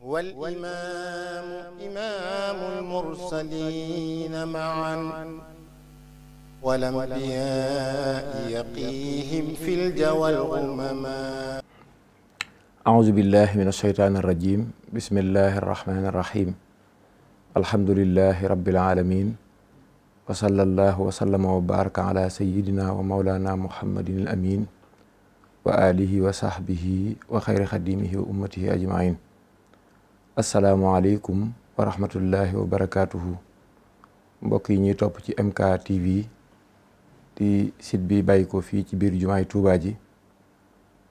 والإمام إمام المرسلين معا والأنبياء يقيهم في الجوى الغمما أعوذ بالله من الشيطان الرجيم بسم الله الرحمن الرحيم الحمد لله رب العالمين وصلى الله وسلم وبارك على سيدنا ومولانا محمد الأمين وآله وصحبه وخير خديمه وأمته أجمعين asalaamualeykum wa rahmatullahi wa barakaatuhu mbokk yi ñuy topp ci MK TV di site bi bàyyi ko fii ci biir jumaay Touba ji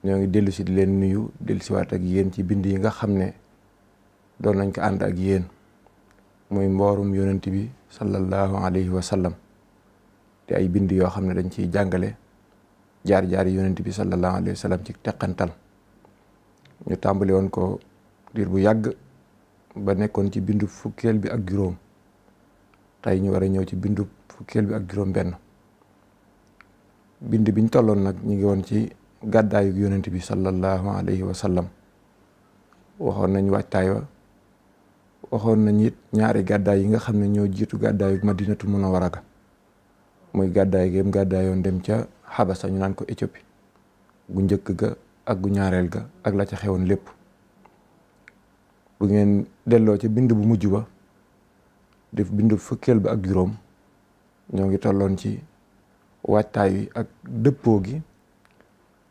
ñoo ngi dellu si leen nuyu dellu siwaat ak yéen ci bind yi nga xam ne doon nañ ko ànd ak yéen muy mboorum yonent bi sallallahu alayhi wa sallam te ay bind yoo xam ne dañ ciy jàngale jaar-jaar yonent bi sallallahu alayhi wa ci teqantal ñu tàmbali woon ko diir bu yàgg ba nekkoon ci bindu fukkeel bi ak juróom tey ñu war a ñëw ci bindu fukkeel bi ak juróom benn bind biñ tolloon nag ñu ngi woon ci gàddaayu yonent bi sallallahu alayhi wa waxoon nañ waajtaay wa waxoon nañ it ñaari gàddaay yi nga xam ne ñoo jiitu gàddaayu madinatu munawwara ga muy gàddaay gém gàddaayoon dem ca xabasa ñu naan ko Éthiopie gu njëkk ga ak gu ñaareel ga ak la ca xewoon lépp bu ngeen delloo ci bind bu mujj ba def bind fukkeel ba ak juróom ñoo ngi tolloon ci waajtaay wi ak dëppoo gi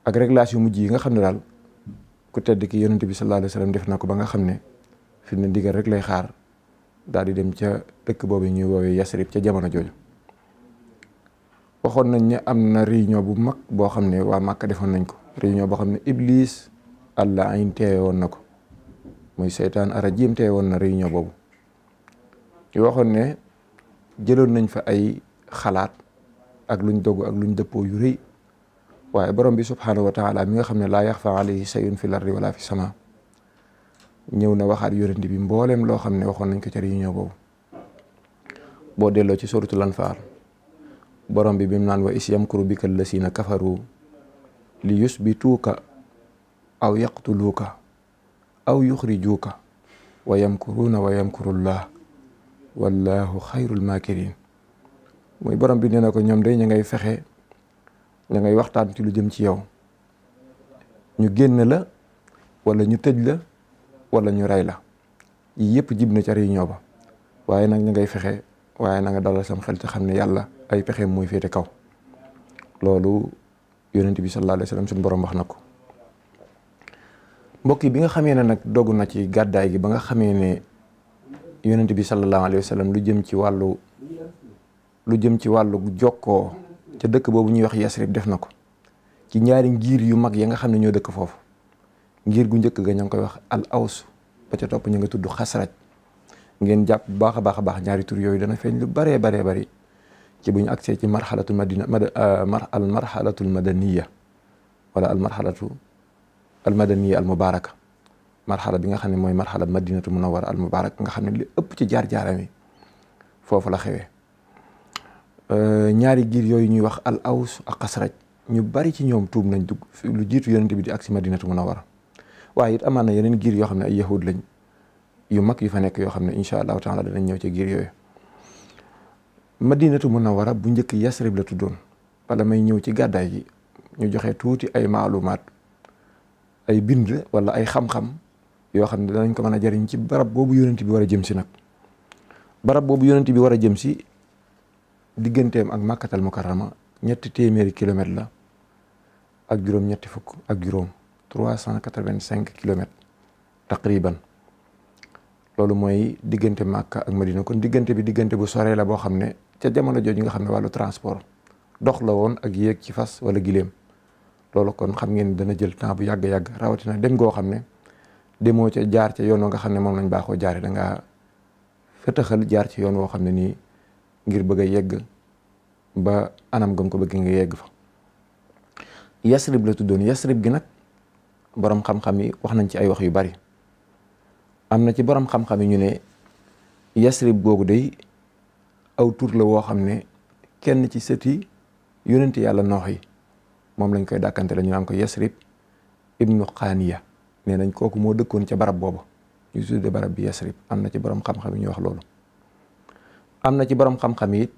ak réglage yu mujj yi nga xam ne daal ku tedd ki yonent bi sallallahu alayhi wa def na ko ba nga xam ne fi mu rek lay xaar daal di dem ca dëkk boobu ñuy woowee Yasrib ca jamono jooju. waxoon nañ ne am na réunion bu mag boo xam ne waa Màkka defoon nañ ko réunion boo xam ne ibliis àlla ayn teewoon na ko. muy seytaan arajim tee woon na réunion boobu yu waxoon ne jëloon nañ fa ay xalaat ak luñ dogu ak luñ dëppoo yu rëy waaye borom bi subhaanahu wa taala mi nga xam ne laa yaxfa alayhi sayun fil ardi wala fi sama ñëw na waxaat yonent bi mbooleem loo xam ne waxoon nañ ko ca réunion boobu boo delloo ci suratul anfaal borom bi bi mu naan wa is yamkuru bika lasina kafaru li yusbituuka aw yaqtuluuka aw yuxrijuuka wa yamkuruuna wa yamkurullah wallahu xayrul maakirin muy borom bi nee na ko ñoom day ña ngay fexe ña ngay waxtaan ci lu jëm ci yow ñu génn la wala ñu tëj la walla ñu rey la yii yëpp jib na ca réunion ba waaye nag ña ngay fexe waaye na nga dalal sam xel ci xam ne yàlla ay pexe mooy féete kaw loolu yonent bi sallallahu alayhi wa suñu borom wax na ko mbokk yi bi nga xamee ne nag dogu na ci gàddaay gi ba nga xamee ne yonent bi sallallahu alayhi wa lu jëm ci wàllu lu jëm ci wàllu jokkoo ca dëkk boobu ñuy wax Yasrib def na ko ci ñaari ngir yu mag ya nga xam ne ñoo dëkk foofu ngir gu njëkk ga ña ngi koy wax al aws ba ca topp ñu nga tudd xasraj ngeen jàpp bu baax a baax a baax ñaari tur yooyu dana feeñ lu baree baree bari ci bu ñu agsee ci marhalatu madina euh, al marxalatul madaniya wala al marxalatu almadaniya al mubaraka marxala bi nga xam ne mooy marxala madinatu munawara al mubaraka nga xam ne li ëpp ci jaar-jaaram foofu la xewee euh, ñaari giir yooyu ñuy wax al aws ak xasraj ñu bari ci ñoom tuub nañ dugg lu jiitu yonente bi di ak si madinatu munawara waaye it amaan na yeneen giir yoo xam ne ay lañ yu mag yu fa nekk yoo xam ne incha taala danañ ñëw ci giir yooyu madinatu munawara bu njëkk yasrib la tuddoon bala may ñëw ci gàddaay gi ñu joxe tuuti ay maalumaat ay bind wala ay xam-xam yoo xam ne danañ ko mën a jariñ ci barab boobu yonent bi war a jëm si nag barab boobu yonent bi war a jëm si digganteem ak màkkatal mukarrama ñetti téeméeri kilomètre la ak juróom ñetti fukk ak juróom trois cent quatre-vingt-cinq kilomètres taqriban loolu mooy diggante Màkka ak Madina kon diggante bi diggante bu soree la boo xam ne ca jamono jooju nga xam ne wàllu transport dox la woon ak yéeg ci fas wala giléem loolu kon xam ngeen dana jël temps bu yàgg yàgg rawatina dem goo xam ne demoo ca jaar ca yoon nga xam ne moom lañ baaxoo jaare da ngaa fëtëxal jaar ci yoon woo xam ne nii ngir bëgg a yegg ba anam gam ko bëgg nga yegg fa. yasrib la tuddoon yasrib gi nag boroom xam-xam yi wax nañ ci ay wax yu bari am na ci borom xam-xam yi ñu ne yasrib googu day aw tur la woo xam ne kenn ci sëti yonent yàlla noox yi. moom lañ koy dàkkante la ñu naan ko Yasrib ibnu Xaaniya nee nañ kooku moo dëkkoon ca barab boobu ñu tudde barab bi Yasrib am na ci borom xam-xam yi ñu wax loolu am na ci borom xam-xam yi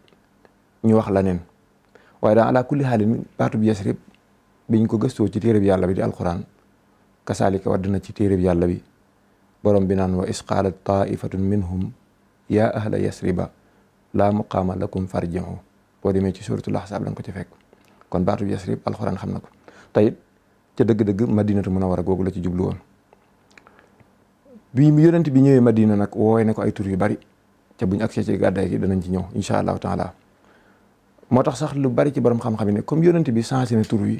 ñu wax la neen waaye daan ala kulli xaalin baatu bi Yasrib biñ ko gëstoo ci téereb yàlla bi di alquran kasaalika wadd na ci téereb yàlla bi borom bi naan wa isqaalat taifatun minhum yaa ahla yasriba laa muqaama lakum farjiu boo demee ci suratul ahzab lañ ko ci fekk kon baatu bi yasrib alxuraan xam na ko tayit ca dëgg-dëgg madinatu a googu la ci jublu woon bi yonent bi ñëwee madina nag woowee ne ko ay tur yu bari ca buñ agsee ci gàddaay gi danañ ci ñëw incha allahu taala moo tax sax lu bari ci borom xam-xam yi ne comme yonent bi changé na tur yi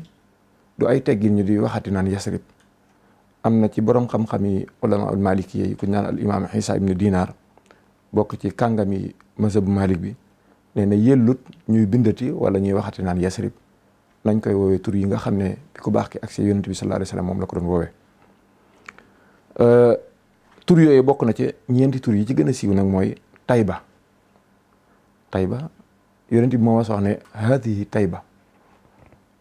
du ay teggin ñu di waxati naan yasrib am na ci borom xam-xam yi ulama al maliki yi ku ñaan al imaam Isa ibnu Dinaar bokk ci kàngam yi mazhabu Malik bi nee na yellut ñuy bindati wala ñuy waxati naan yasrib nañ koy woowee tur yi nga xam ne bi ku baax ki ak si yonent bi sallallahu alayhi wasallam moom la ko doon woowee euh, tur yooyu bokk na ci ñeenti tur yi ci gën a siiw nag mooy tayba tayba yonent bi moo ma wax ne haadihi tayba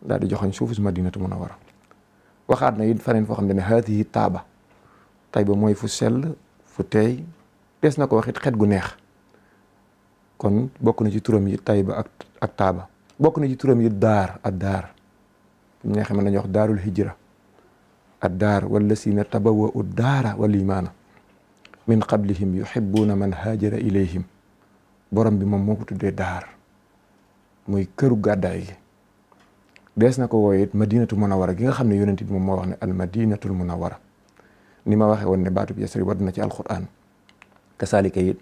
daal di joxoñ suufu su madinatu munawwara waxaat na it faneen foo xam ne ne haadihi taaba tayba mooy fu sell fu teey des na ko wax it xet gu neex kon bokk na ci turam yi tayba ak ak taaba bokk na ci turam yi daar ak daar ñi nga xam ne wax daarul hijra ak daar wala siina tabawa u daara wal imaana min qablihim yuhibuuna man haajara ilayhim borom bi moom moo ko tuddee daar muy këru gàddaay gi dees na ko wooye it madinatu munawara gi nga xam ne yonent bi moom ne wax ne al madinatul munawara ni ma waxee woon ne baatub yasri wadd na ci alquran kasaalika it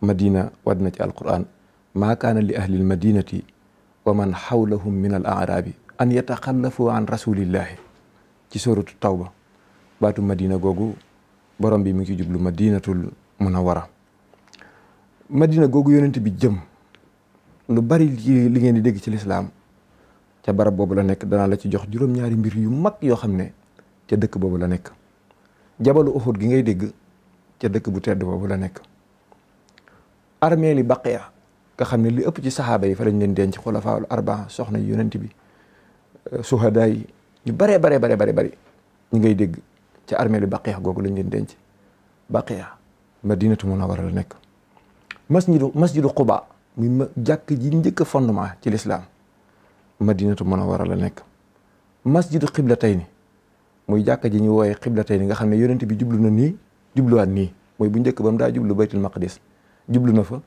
madina wadd ci alquran maa kaana li ahlil madinati wa man xawlahum min al aarabi an yataxallafu an rasulillahi ci sóoratu tawba baatu madina googu borom bi mu ngi ci jublu madinatul munawara madina googu yonent bi jëm lu bari li ngeen di dégg ci lislaam ca barab boobu la nekk danaa la ci jox juróom-ñaari mbir yu mag yoo xam ne ca dëkk boobu la nekk jabalu Uhud gi ngay dégg ca dëkk bu tedd boobu la nekk armée li baqiya nga xam ne li ëpp ci saxaaba yi fa lañ leen denc xulafaaul arbaa soxna yonent bi euh, suhadaa yi ñu baree bare bare bare bëri ñi ngay dégg ci armée lu baqiya googu lañ leen denc baqiya madinatu munawara la nekk masjidu masjidu quba muy jàkk ji njëkk a fondement ci lislaam madinatu munawara la nekk masjidu qiblatayni muy jàkk ji ñu wooye qiblatayni nga xam ne yonent bi jublu na nii jubluwaat nii mooy bu njëkk ba mu daa jublu baytul maqdis jublu na fa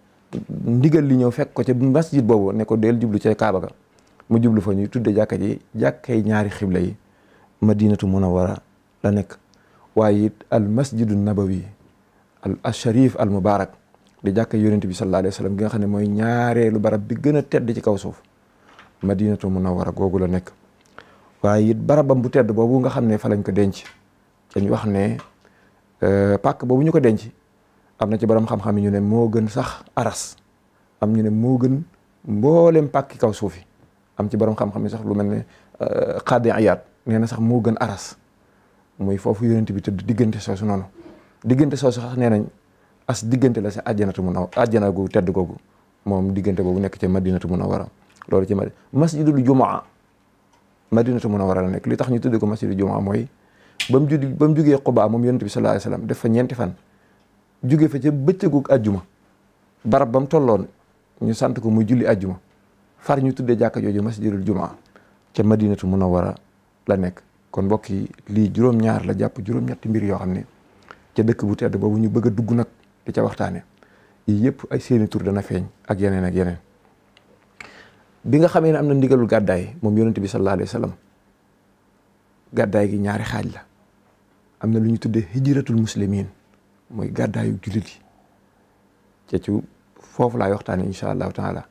ndigal li ñëw fekk ko ca masjid boobu ne ko del jublu ca Kaaba ga mu jublu fa ñuy tudde jàkka ji jàkkay ñaari xibla yi madinatu munawara la nekk waaye it al masjidu nabawi al sharif al mubarak di jàkka yonent bi sallallahu alayhi wa sallam nga xam ne mooy ñaareelu barab bi gën a tedd ci kaw suuf madinatu munawara googu la nekk waaye it barabam bu tedd boobu nga xam ne fa lañ ko denc dañ wax ne euh, pàkk boobu ñu ko denc am na ci borom xam-xam yi ñu ne moo gën sax aras am ñu ne moo gën mboolem pàkki kaw suufi am ci borom xam-xam yi sax lu mel ne euh, xaadi ayaat nee na sax moo gën aras muy foofu yonent bi tëdd diggante soosu noonu diggante soosu sax nee nañ as diggante la si àjjanatu mu naw àjjana gu tedd googu moom diggante boobu nekk ca madinatu munawara loolu ci ma masjidul jumaa madinatu munawara la nekk li tax ñu tudd ko masjidul jumaa mooy ba mu jug ba mu jugee xubaa moom yonent bi sallallahu alayhi wasallam def fa ñeenti fan jóge fa ca bëccëgug ajjuma barab ba mu tolloon ñu sant ko muy julli ajjuma far ñu tuddee jàkka jooju masjidul jumaa ca madinatu munawwara la nekk kon mbokk yi lii juróom-ñaar la jàpp juróom-ñetti mbir yoo xam ne ca dëkk bu tedd boobu ñu bëgg a dugg nag di ca waxtaane yii yëpp ay seeni tur dana feeñ ak yeneen ak yeneen bi nga xamee ne am na ndigalul gàddaay moom yonente bi sallallahu alayhi wa gàddaay gi ñaari xaaj la am na lu ñu tuddee hijratul muslimin mooy gàddaayu jullit yi ca ci foofu laay waxtaane incha allahu taala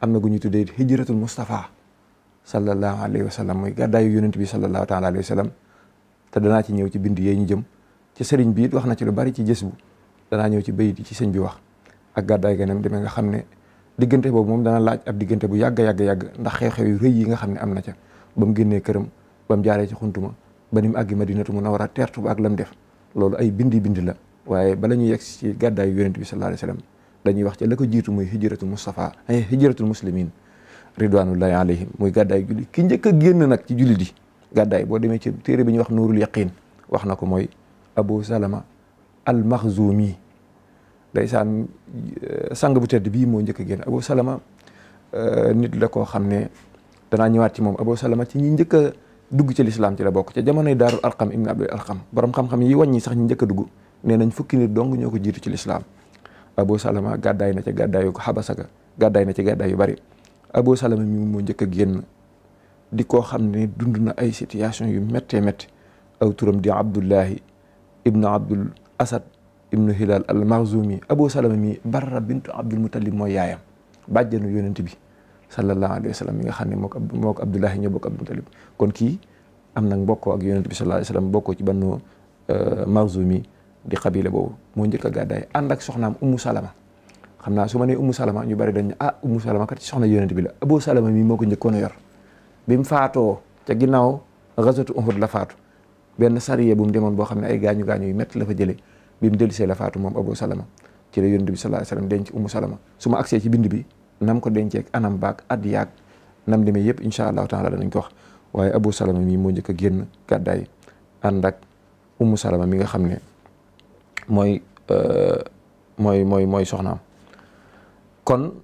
am na gu ñu tuddee hijratul Mustafa sallallahu alayhi wa sallam mooy gàddaayu yonent bi sallallahu taala alayhi wa te danaa ci ñëw ci bind yee ñu jëm ci sëriñ bi it wax na ci lu bari ci jës bu danaa ñëw ci bayit yi ci sëñ bi wax ak gàddaay ganam demee nga xam ne diggante boobu moom dana laaj ab diggante bu yàgg yàgg yàgg ndax xew-xew yu rëy yi nga xam ne am na ca ba mu génnee këram ba mu jaaree ci xuntuma ba ni mu àggi madinatu munawwara teertu ba ak lam def loolu ay bindi bindi la waaye bala ñuy yegg ci gàddaayu yonent bi sallallahu alayhi wa sallam dañuy wax ci la ko jiitu muy hijratul Mustafa ay hijratul muslimin ridwanullahi alayhim muy gàddaayu julli ki njëkk génn nag ci julli di gàddaay boo demee ci téere bi ñuy wax nuurul yaqin wax na ko mooy Abu Salama al Maxzumi ndeysaan euh, sang bu tedd bii moo njëkk a génn Abu Salama euh, nit la koo xam ne danaa ñëwaat ci moom Abu Salama ci ñi njëkk dugg ci lislaam ci la bokk ca jamonoy daarul arqam ibn abdul arqam borom xam-xam wàññi sax ñi dugg nee nañ fukki nit dong ñoo ko jiitu ci lislaam Abu Salama gàddaay na ca gàddaayu ko xabasaka gàddaay na ci gàddaay yu bari Abu mi moo njëkk a génn di koo xam ne dund na ay situation yu méttee métti aw turam di Abdullahi ibnu Abdul Asad ibnu Hilal al Marzumi Abu Salama mi Barra bintu Abdul Muttalib mooy yaayam bàjjanu yonent bi sallallahu alayhi wa sallam mi nga xam ne moo ko moo ko Abdullahi ñoo bokk Abdul Muttalib kon kii am nag mbokkoo ak yonent bi sallallahu alayhi bokkoo ci bannu euh, Marzumi di xabila boobu moo njëkk a gàddaay ànd ak soxnaam ummu salama xam naa su ma nee ummu salama ñu bari dañ ah ummu salama kat ci soxna yonent bi la abu salama mii moo ko njëkkoon a yor bi ginnaaw gazwatu Uhud la faatu benn sariya bu mu demoon boo xam ne ay gaañu gaañu yu métti jëlee bi mu dellusee la faatu moom abu salama ci la yonent bi sallallahu alayhi wasallam denc ummu su ma agsee ci bind bi nam ko denceeg anam baak at yaag nam demee yëpp incha allahu taala danañ ko wax waaye abu salama mii moo jëkk a génn gàddaay ànd ak ummu salama mi nga xam ne mooy euh, mooy mooy mooy soxnaam kon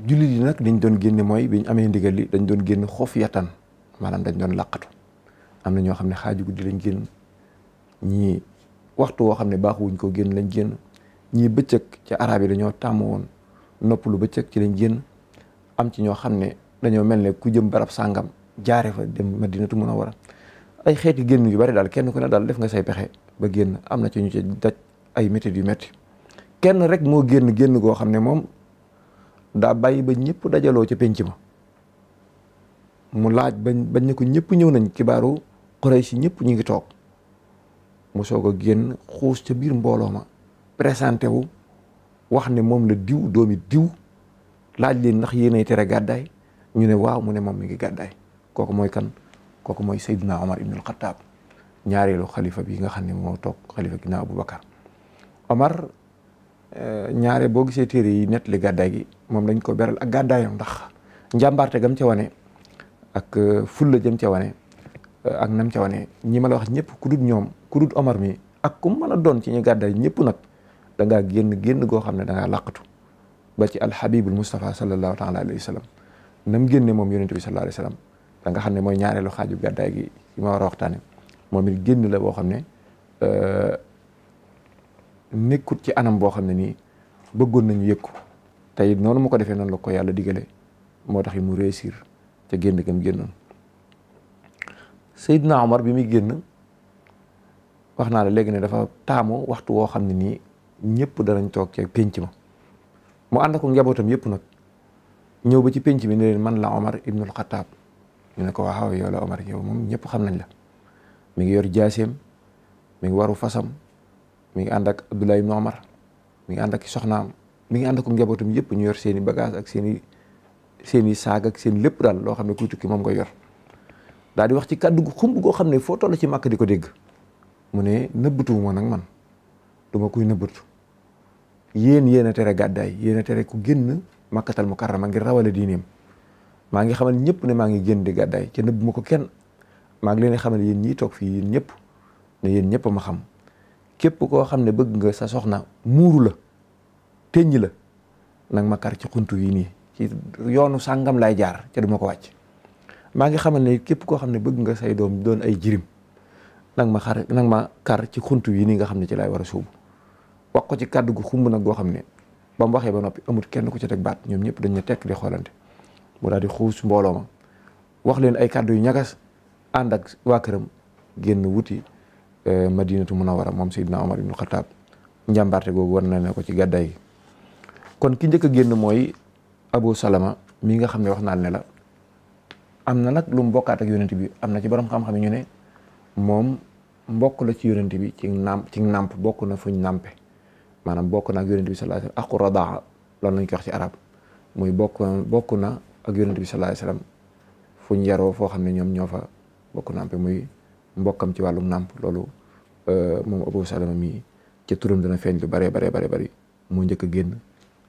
jullit yi nag dañ doon génne mooy bi ñu amee ndigal dañ doon génn xoof yatan maanaam dañ doon làqatu am na ñoo xam ne xaaju guddi lañ génn ñii waxtu woo xam ne baaxuwuñ ko génn lañ génn ñii bëccëg ci arab yi dañoo tàmm woon nopp lu bëccëg ci lañ génn am ci ñoo xam ne dañoo mel ne ku jëm barab sàngam jaare fa dem madinatu munawwara ay xeeti génn yu bari daal kenn ku ne daal def nga say pexe ba génn am na ci ñu ci daj ay métit yu métti kenn rek moo génn génn goo xam ne moom daa bàyyi ba ñëpp dajaloo ca penc ma mu laaj ba bañ ne ko ñëpp ñëw nañ kibaaru Quraysh ñëpp ñu ngi toog mu soog a génn xuus ca biir mbooloo ma présenté wu wax ni moom la diw doomi diw laaj leen ndax yéenay tere gàddaay ñu ne waaw mu ne moom mu ngi gàddaay kooku mooy kan kooku mooy naa Seydina Omar ibnul Xattaab ñaareelu xalifa bi nga xam ne moo toog xalifa ginnaaw Aboubacar Omar euh, ñaare boo gisee téere yi nett li gàddaay gi moom lañ ko beral ak gàddaayam ndax njàmbaarte gam ca wane ak euh, fulla jëm ca wane euh, ak nam ca wane ñi ma la wax ñëpp ku dut ñoom ku Omar mi ak ku mën a doon ci ñu gàddaay ñëpp nag da ngaa génn génn goo xam ne da ngaa laqatu ba ci alhabibul Mustafa sallallahu taala alayhi wa sallam nam génne moom yonente bi sallallahu alayhi wa sallam da nga xam ne mooy ñaareelu xaaju gàddaay gi yi waxtaane moom it génn la boo xam ne euh, nekkut ci anam boo xam ne nii bëggoon nañu yëg ko tey noonu mu ko defee noonu la ko yàlla digale moo tax mu réussir ca génn gam génnoon Seydina Omar bi muy génn wax naa la léegi ne dafa taamu waxtu woo xam ne nii ñëpp danañ toog ca pénc ma mu ànd ko njabootam yëpp nag ñëw ba ci pénc mi ne man la Omar ibnul Xataab ñu ne ko waaw yow la Omar yow moom ñëpp xam nañ la mi ngi yor jaaseem mi ngi waru fasam mi ngi ànd ak Abdoulaye ibn Omar mi ngi ànd ak soxnaam mi ngi ànd ak njabootam ñu yor seen i ak seen i saag ak seen lépp daal loo xam ne kuy tukki moom nga yor daal di wax ci kàddu gu xumb goo xam ne foo toll ci màkk di ko dégg mu ne nëbbatuwuma nag man du ma kuy nëbbatu yéen yéen a tere gàddaay yéen a tere ku génn màkkatal mu karrama ngir rawale diineem maa ngi xamal ñëpp ne maa ngi génn di gàddaay ca nëbb ko kenn maa ngi leen di xamal yéen ñii toog fii yéen ñëpp ma xam képp koo xam ne bëgg nga sa soxna muuru la teññi la nag ma kar ci xuntu yi nii ci yoonu sàngam lay jaar ca duma ko wàcc maa ngi xamal ne képp koo xam ne bëgg nga say doom doon ay jirim nag ma xar nag ma kar ci xuntu yi nii nga xam ne ci laay war a suubu wax ko ci kàddu gu xumb nag goo xam ne ba waxee ba noppi amut kenn ku ci teg baat ñoom ñëpp dañ ne tekk di xoolante mu daal di xuus mbooloo ma wax leen ay kàddu yu ñagas ànd ak waa këram génn wuti eh, madinatu munawara moom Seydina Omar ibnu Xataab njàmbaarte googu war na ne ko ci gàddaay kon ki njëkk a génn mooy Abu Salama mii nga xam ne wax naan ne la am na nag lu mu bokkaat ak yonent bi am na ci borom xam-xam ñu ne moom mbokk la ci yonent bi ci nàmp ci nàmp bokk na fuñ nàmpe maanaam bokk na ak yonent bi sallallahu alayhi wasallam aqu radaa loolu lañ koy wax ci arab muy bokk bokk na ak yonent bi sallallahu alayhi wasallam fuñ yaroo foo xam ne ñoom ñoo fa bokk nàmpe muy mbokkam ci wàllum nàmp loolu euh, moom Abou Salama mi ci turam dana feeñ lu baree baree baree bari moo njëkk a génn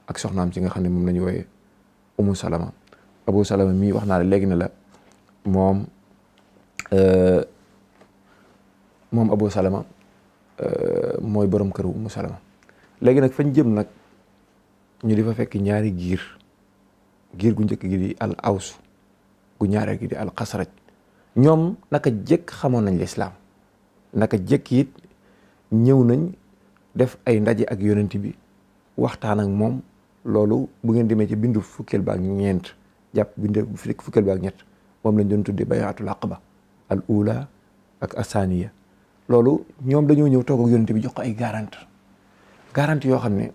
ak soxnaam ci nga xam ne moom la ñu wooyee Umu Salama Abou Salama mii wax naa la léegi ne la moom euh, moom Abou Salama euh, mooy borom këru Umu Salama léegi nag fañ jëm nag ñu di fa fekk ñaari giir giir gu njëkk gi di al aws gu ñaaree gi di al xasraj ñoom naka jëkk xamoon nañ lislaam naka jëkk it ñëw nañ def ay ndaje ak yonent bi waxtaan ak moom loolu bu ngeen demee ci bindu fukkeel ba ak ñeent jàpp bindu fukkeel ba ak ñett moom lañ doon tuddee bayaatul ba al ula ak asaniya loolu ñoom dañoo ñëw toog ak yonent bi jox ko ay garante garante yoo xam ne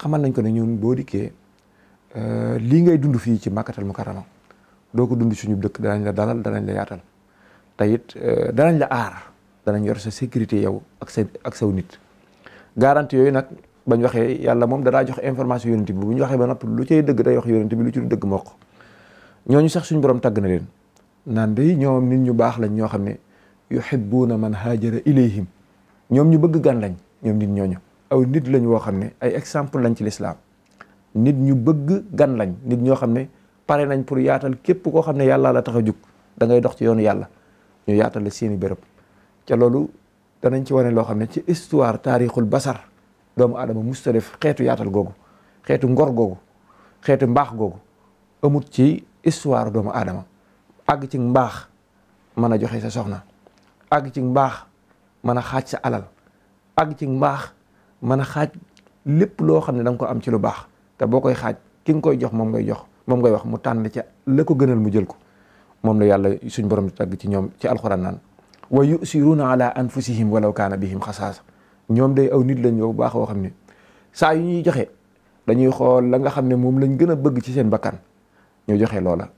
xamal nañ ko ne ñun boo dikkee euh, lii ngay dund fii ci màkkatal mukarrama doo ko dundi suñu dëkk danañ la dalal danañ la yaatal te it eh, danañ la aar danañ yor sa sécurité yow ak sa ak saw nit garanti yooyu nag bañ waxee yàlla moom danaa jox information yonent bi bu ñu waxee ba noppi lu cay dëgg day wax yonent bi lu ci dëgg moo ñoo ñu sax suñu borom tàgg na leen naan day ñoom nit ñu baax lañ ñoo xam ne yu yuhibbuuna man haajara ilayhim ñoom ñu bëgg gan lañ ñoom nit ñooñu aw nit lañ woo xam ne ay exemple lañ ci lislaam nit ñu bëgg gan lañ nit ñoo xam ne pare nañ pour yaatal képp koo xam ne yàlla la tax a jug dangay dox ci yoonu yàlla ñu yaatal la seeni béréb ca loolu danañ ci wane loo xam ne ci histoire taarixul basar doomu aadama musta def xeetu yaatal googu xeetu ngor googu xeetu mbaax googu amut ci histoire doomu aadama àgg ci mbaax mën a joxe sa soxna àgg ci mbaax mën a xaaj sa alal àgg ci mbaax mën a xaaj lépp loo xam ne da nga ko am ci lu baax te boo koy xaaj ki nga koy jox moom ngay jox moom ngay wax mu tànn ca la ko gënal mu jël ko moom la yàlla suñ borom tagg ci ñoom ci alxuraan naan wa yusiruuna ala anfusihim walaw kaana bihim xasaasa ñoom day aw nit lañ yow baax woo xam ne saa yu ñuy joxe dañuy xool la nga xam ne moom lañ gën a bëgg ci seen bakkan ñu joxe loola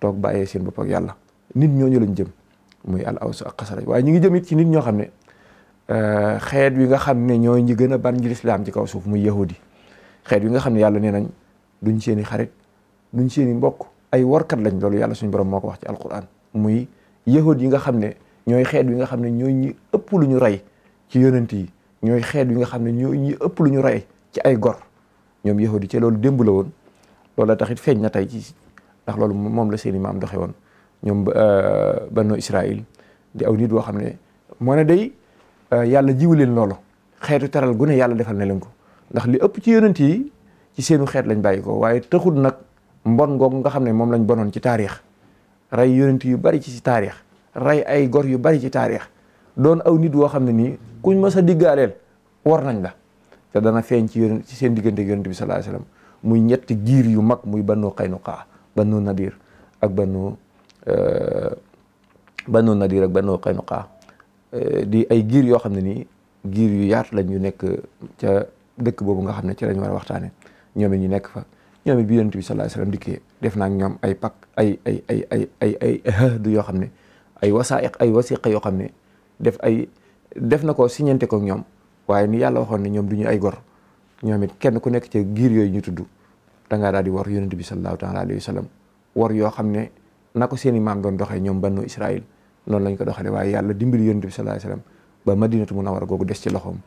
toog bàyyee seen bopp yàlla nit ñooñu lañ jëm muy al aws ak xasaraj waaye ñu ngi jëm ci nit ñoo xam ne euh, xeet wi nga xam ne ñooy ñi gën a ban ñi lislaam ci kaw suuf muy yahudi xeet wi nga xam ne yàlla nee nañ duñ seeni xarit duñ mbokk ay warkat lañ loolu yàlla suñu borom moo ko wax ci alquran muy yahud nga xam ne ñooy xeet yi nga xam ne ñooy ñi ëpp lu ñu rey ci yonent yi ñooy xeet yi nga xam ne ñooy ñi ëpp lu ñu rey ci ay gor ñoom yahud yi ci loolu démb la woon loolu feeñ na tey ci ndax loolu moom la seeni maam doxe woon ñoom euh, banu Israil di aw nit woo xam ne moo ne day euh, yàlla jiwu leen loolu xeetu teral gune yàlla defal na leen ko ndax li ëpp ci yonent yi ci seenu xeet lañ bàyyi ko waaye taxul nag mbon googu nga xam ne moom lañ bonoon ci taarix rey yonent yu bari ci ci taarix rey ay gor yu bari ci taarix doon aw nit woo xam ne nii kuñ mës a diggaaleel war nañ la te dana feeñ ci ci seen diggante yonent bi sallallahu alayhi muy ñetti giir yu mag muy bannu Qaynuqa bannu Nadir ak bannu euh, bannu Nadir ak bannu Qaynuqa euh, di ay giir yoo xam ne nii giir yu yaatu lañ ñu nekk ca dëkk boobu nga xam ne ci lañ war a waxtaane ñoom ñu nekk fa ñoom it bi yonent bi sallallahu alayhi def naa ñoom ay pak ay ay ay ay ay yoo xam ne ay wasaaiq ay wasiqa yoo xam ne def ay def na ko siñante ko ñoom waaye ni yàlla waxoon ne ñoom du ñu ay gor ñoom it kenn ku nekk ci giir yooyu ñu tudd da ngaa daal di war yonent bi sallallahu taala alayhi wasallam war yoo xam ne na ko seen i maam doon doxee ñoom bannu Israil noonu lañ ko doxalee waaye yàlla dimbali yonent bi sallallahu alayhi wasallam ba madinatu munawara googu des ci loxoom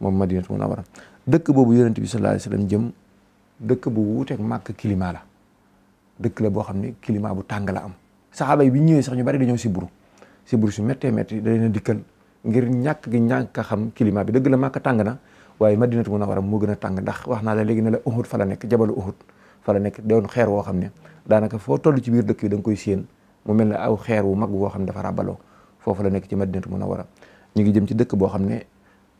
moom madinatu munawara dëkk boobu yonent bi sallallahu alayhi wasallam jëm dëkk bu wuuteeg màkk climat la dëkk la boo xam ne climat bu tàng la am saxaaba bi ñëwee sax ñu bari dañoo siburu siburu su méttee métti da leen dikkal ngir ñàkk gi ñàkk a xam climat bi dëgg la màkk tàng na waaye madinatu munawwara moo gën a tàng ndax wax naa la léegi ne la Uhud fa la nekk jabalu Uhud fa la nekk doon xeer woo xam ne daanaka foo toll ci biir dëkk bi da nga koy séen mu mel ne aw xeer wu mag woo xam ne dafa rabaloo foofu la nekk ci madinatu munawwara ñu ngi jëm ci dëkk boo xam ne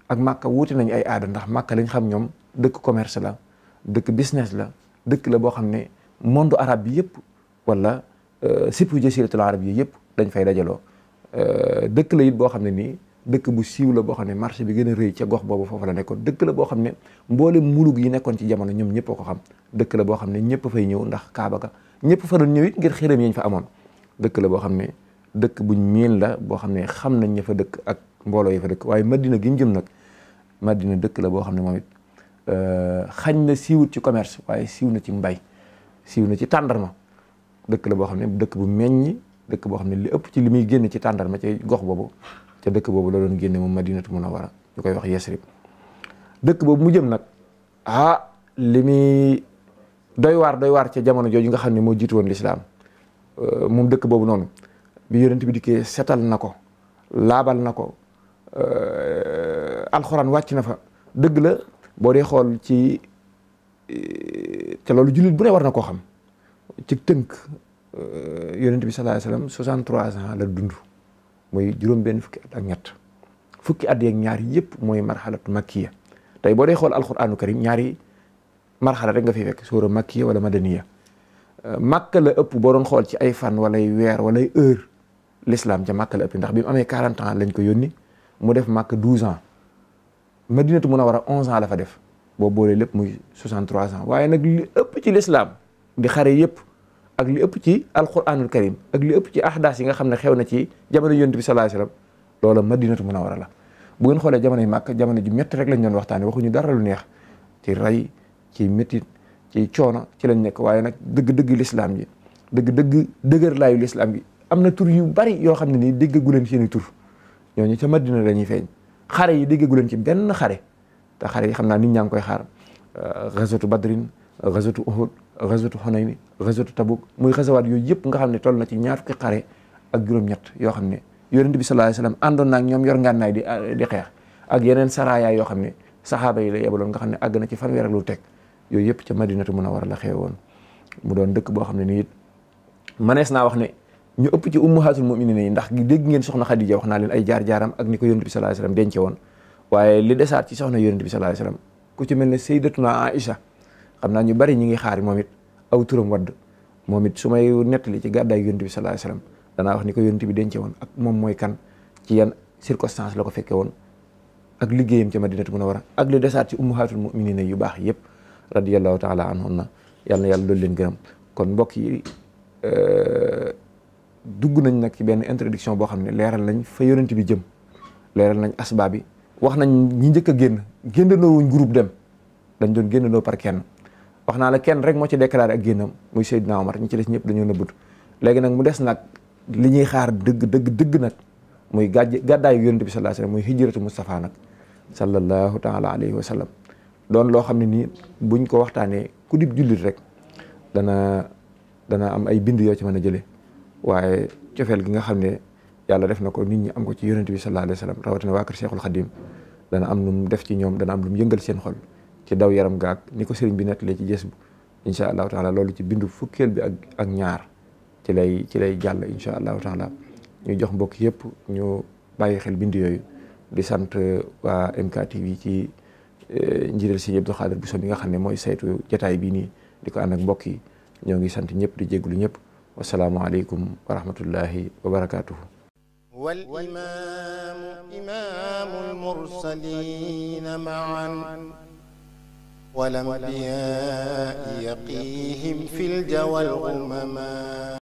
ak màkka wuute nañ ay aada ndax màkka lañ xam ñoom dëkk commerce la dëkk business la dëkk la boo xam ne monde arabe bi yëpp wala euh, surtout jasiratul arab yi yëpp dañ fay dajaloo euh, dëkk la it boo xam ne nii dëkk bu siiw la boo xam ne marché bi gën a rëy ca gox boobu foofu la nekkoon dëkk la boo xam ne mboolem mulug yi nekkoon ci jamono ñoom ñëpp a xam dëkk la boo xam ne ñëpp fay ñëw ndax kaaba ga ñëpp fa doon ñëw it ngir xërëm yañ fa amoon dëkk la boo xam ne dëkk bu ñiin la boo xam ne xam nañ ña fa dëkk ak mbooloo yi fa dëkk waaye madina gi ñu jëm nag madina dëkk la boo xam ne moom it Euh, xañ na siiwut ci commerce waaye siiw na ci mbay siiw na ci tàndarma dëkk la boo xam ne dëkk bu meññ dëkk boo xam ne li ëpp ci li muy génn ci tàndarma ci gox boobu ca dëkk boobu la doon génne moom madinatu wara ñu koy wax yesrib dëkk boobu mu jëm nag ah li muy doy waar doy waar ca jamono jooju nga xam ne moo jiitu woon lislaam euh, moom dëkk boobu noonu bi yonent bi dikkee setal na ko laabal na ko euh, alxuraan wàcc na fa dëgg la boo dee xool ci te loolu jullit bu ne war na koo xam ci tënk euh, yonent bi sallallahu alayhi wasallam 63 ans la dund mooy juróom-benn fukki at ak ñett fukki at yeeg ñaar yëpp mooy marxalatu makkiya tey boo dee xool alquranu karim ñaari marxala rek nga fi fekk sóora makkiya wala madaniya euh, màkka la ëpp boo doon xool ci ay fan yu weer walay heure l'islam ca màkka la ëpp ndax bi mu amee 40 ans lañ ko yónni mu def màkk 12 ans Madinatu Munawara 11 ans la fa def boo boolee lépp muy 63 ans waaye nag li ëpp ci lislaam di xare yëpp ak li ëpp ci alquranul karim ak li ëpp ci ahdaas yi nga xam ne xew na ci jamono yonent bi sallallahu alayhi wasallam loola Madinatu Munawara la bu ngeen xoolee jamono yi màkk jamono ji métti rek lañ ñoon waxtaane waxuñu dara lu neex ci ray ci métit ci coono ci lañ nekk waaye nag dëgg-dëgg lislaam ji dëgg-dëgg dëgër laayu lislaam ji am na tur yu bari yoo xam ne nii déggagu leen seeni tur ñooñu ca Madina lañuy feeñ xare yi déggeegu leen ci benn xare te xare yi xam naa nit ñaa ngi koy xaar euh, gazatu badrin gazatu uhud gazatu xonayni gazatu tabuk muy gazawaat yooyu yëpp nga xam ne toll na ci ñaar fukki xare ak juróom yoo xam ne yonent bi sallallahu alayhi wasallam àndoon naag ñoom yor ngànnaay di euh, di xeex ak yeneen saraayaa yoo xam ne saxaaba yi la yebaloon nga xam ne àgg na ci fanweer ak lu teg yooyu yëpp ca madinatu munawwara la xewoon mu doon dëkk boo xam ne nii manees naa wax ne ñu ëpp ci ummahatul muminina yi ndax dégg ngeen soxna Xadija wax naa leen ay jaar-jaaram ak ni ko yonent bi sallallahu alayhi wasallam dence woon waaye li desaat ci soxna yonent bi sallallahu alayhi wasallam ku ci mel ne sayyidatuna Aïcha naa ñu bari ñi ngi xaar moom it aw turam wadd moom it su ci gàddaay yonent bi sallallahu alayhi wasallam danaa wax ni ko yonent bi dence woon ak moom mooy kan ci yan circonstance la ko fekke woon ak liggéeyam ca Madinatu Munawwara ak li desaat ci ummahatul muminina yu baax yëpp radiyallahu taala anhunna yàlla na yàlla loolu leen gërëm dugg nañ nag ci benn introduction boo xam ne leeral nañ fa yonent bi jëm leeral nañ asbaa bi wax nañ ñi njëkk a génn génnanoowuñ group dem dañ doon génnanoo par kenn wax naa la kenn rek moo ci déclaré ak génnam muy Seydina Omar ci des ñëpp dañoo nëbbut léegi nag mu des nag li ñuy xaar dëgg dëgg dëgg nag muy gàj gàddaayu yonent bi sallallahu alayhi wa sallam muy hijratu Mustafa nag sallallahu taala alayhi wa sallam doon loo xam ne nii buñ ko waxtaanee ku dib jullit rek dana dana am ay bind yoo ci mën a jëlee waaye cofeel gi nga xam ne yàlla def na ko nit ñi am ko ci yonent bi sallallahu alayhi wa sallam waa kër Cheikhul Khadim dana am lu mu def ci ñoom dana am lu mu yëngal seen xol ci daw yaram gaag ni ko sëriñ bi nettalee ci jës bu incha allahu taala loolu ci bindu fukkeel bi ak ak ñaar ci lay ci lay jàll incha allahu taala ñu jox mbokk yëpp ñu bàyyi xel bind yooyu di sant waa MKTV ci eh, njiital si Abdou Khadir Bousso bi nga xam ne mooy saytu jataay bii nii di ko ànd ak mbokk yi ñoo ngi sant ñëpp di jégalu ñëpp. wasalaamualeykum wa rahmatullahi wa barakaatuhu. wal imaamu imaamul mursaliina ma'an wal anbiyaa'i yaqiihim fil jawwal umamaa